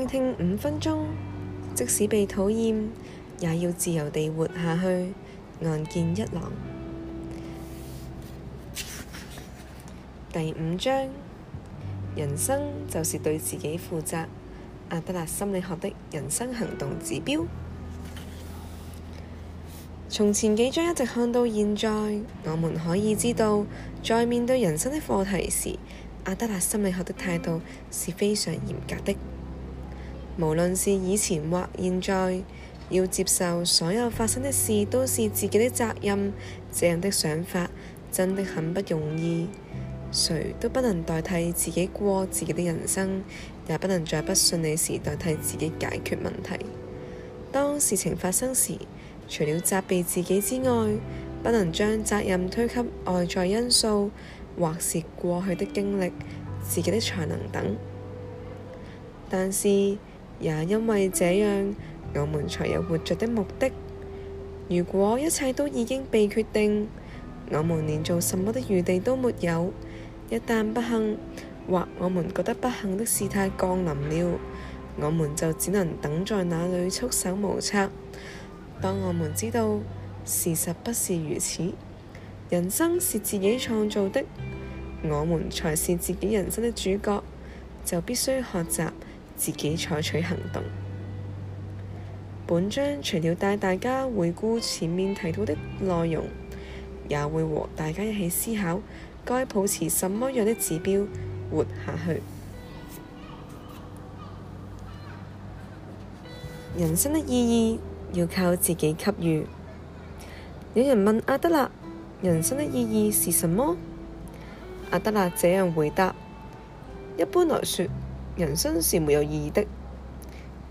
聽聽五分鐘，即使被討厭，也要自由地活下去。岸見一郎第五章，人生就是對自己負責。阿德勒心理學的人生行動指標，從前幾章一直看到現在，我們可以知道，在面對人生的課題時，阿德勒心理學的態度是非常嚴格的。無論是以前或現在，要接受所有發生的事都是自己的責任，這樣的想法真的很不容易。誰都不能代替自己過自己的人生，也不能在不順利時代替自己解決問題。當事情發生時，除了責備自己之外，不能將責任推給外在因素或是過去的經歷、自己的才能等。但是，也因為這樣，我們才有活着的目的。如果一切都已經被決定，我們連做什麼的餘地都沒有。一旦不幸或我們覺得不幸的事態降臨了，我們就只能等在那裏，束手無策。當我們知道事實不是如此，人生是自己創造的，我們才是自己人生的主角，就必須學習。自己採取行動。本章除了帶大家回顧前面提到的內容，也會和大家一起思考，該保持什麼樣的指標活下去。人生的意義要靠自己給予。有人問阿德勒：人生的意義是什麼？阿德勒這樣回答：一般來說。人生是沒有意義的，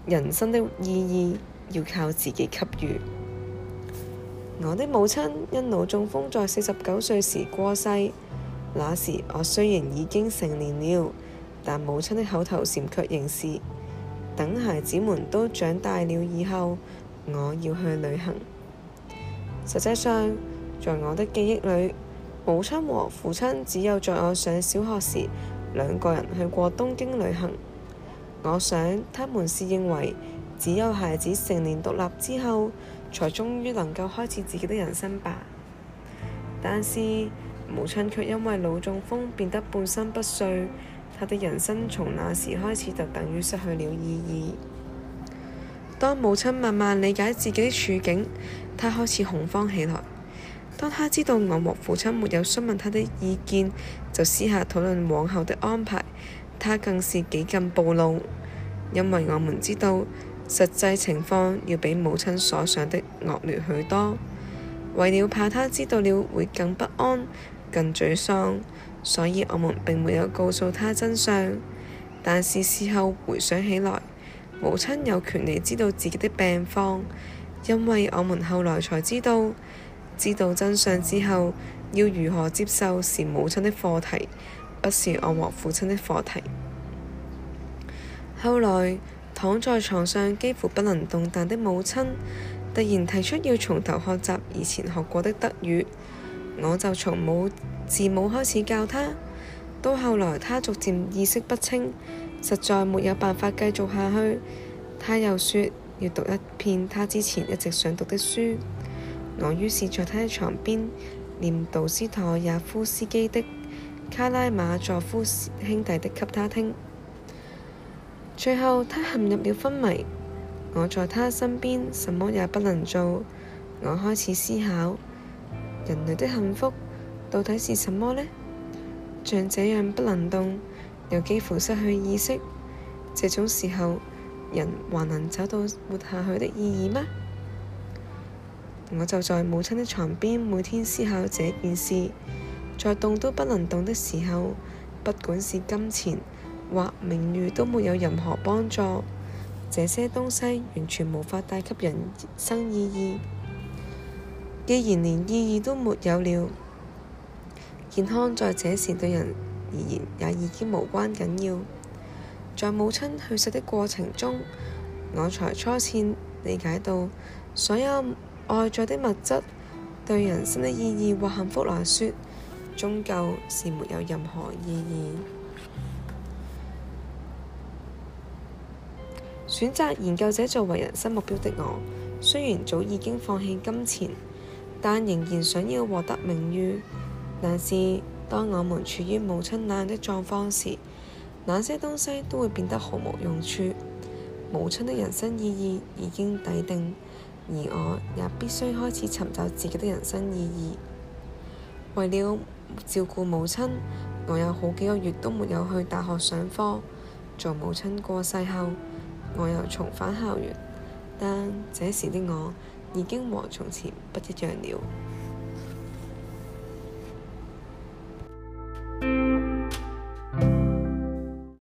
人生的意義要靠自己給予。我的母親因腦中風在四十九歲時過世，那時我雖然已經成年了，但母親的口頭禪卻仍是：等孩子們都長大了以後，我要去旅行。實際上，在我的記憶裏，母親和父親只有在我上小學時。兩個人去過東京旅行，我想他們是認為只有孩子成年獨立之後，才終於能夠開始自己的人生吧。但是母親卻因為腦中風變得半身不遂，她的人生從那時開始就等於失去了意義。當母親慢慢理解自己的處境，她開始恐慌起來。當她知道我和父親沒有詢問她的意見，就私下討論往後的安排，他更是幾近暴露，因為我們知道實際情況要比母親所想的惡劣許多。為了怕他知道了會更不安、更沮喪，所以我們並沒有告訴他真相。但是事後回想起來，母親有權利知道自己的病況，因為我們後來才知道，知道真相之後。要如何接受是母親的課題，不是我和父親的課題。後來躺在床上幾乎不能動彈的母親，突然提出要從頭學習以前學過的德語，我就從母字母開始教他。到後來他逐漸意識不清，實在沒有辦法繼續下去，他又說要讀一篇他之前一直想讀的書，我於是在他的床邊。念杜斯妥也夫斯基的《卡拉馬佐夫兄弟》的給他聽，最後他陷入了昏迷。我在他身邊，什麼也不能做。我開始思考，人類的幸福到底是什麼呢？像這樣不能動，又幾乎失去意識，這種時候，人還能找到活下去的意義嗎？我就在母親的床邊，每天思考這件事，在動都不能動的時候，不管是金錢或名譽，都沒有任何幫助。這些東西完全無法帶給人生意義。既然連意義都沒有了，健康在這時對人而言也已經無關緊要。在母親去世的過程中，我才初次理解到所有。外在的物質對人生的意義或幸福來說，終究是沒有任何意義。 選擇研究者作為人生目標的我，雖然早已經放棄金錢，但仍然想要獲得名譽。但是，當我們處於母親那樣的狀況時，那些東西都會變得毫無用處。母親的人生意義已經抵定。而我也必須開始尋找自己的人生意義。為了照顧母親，我有好幾個月都沒有去大學上課。做母親過世後，我又重返校園，但這時的我已經和從前不一樣了。